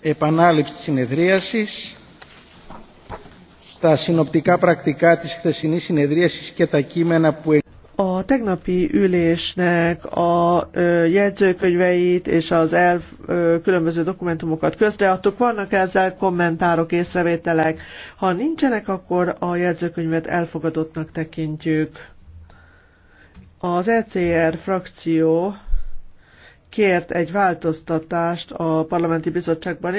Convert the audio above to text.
επανάληψη της συνεδρίασης. Τα συνοπτικά πρακτικά της χθεσινής συνεδρίασης και τα κείμενα που... A tegnapi ülésnek a ö, jegyzőkönyveit és az elv ö, különböző dokumentumokat közreadtuk. Vannak ezzel kommentárok, észrevételek. Ha nincsenek, akkor a jegyzőkönyvet elfogadottnak tekintjük. Az ECR frakció kért egy változtatást a parlamenti bizottságban,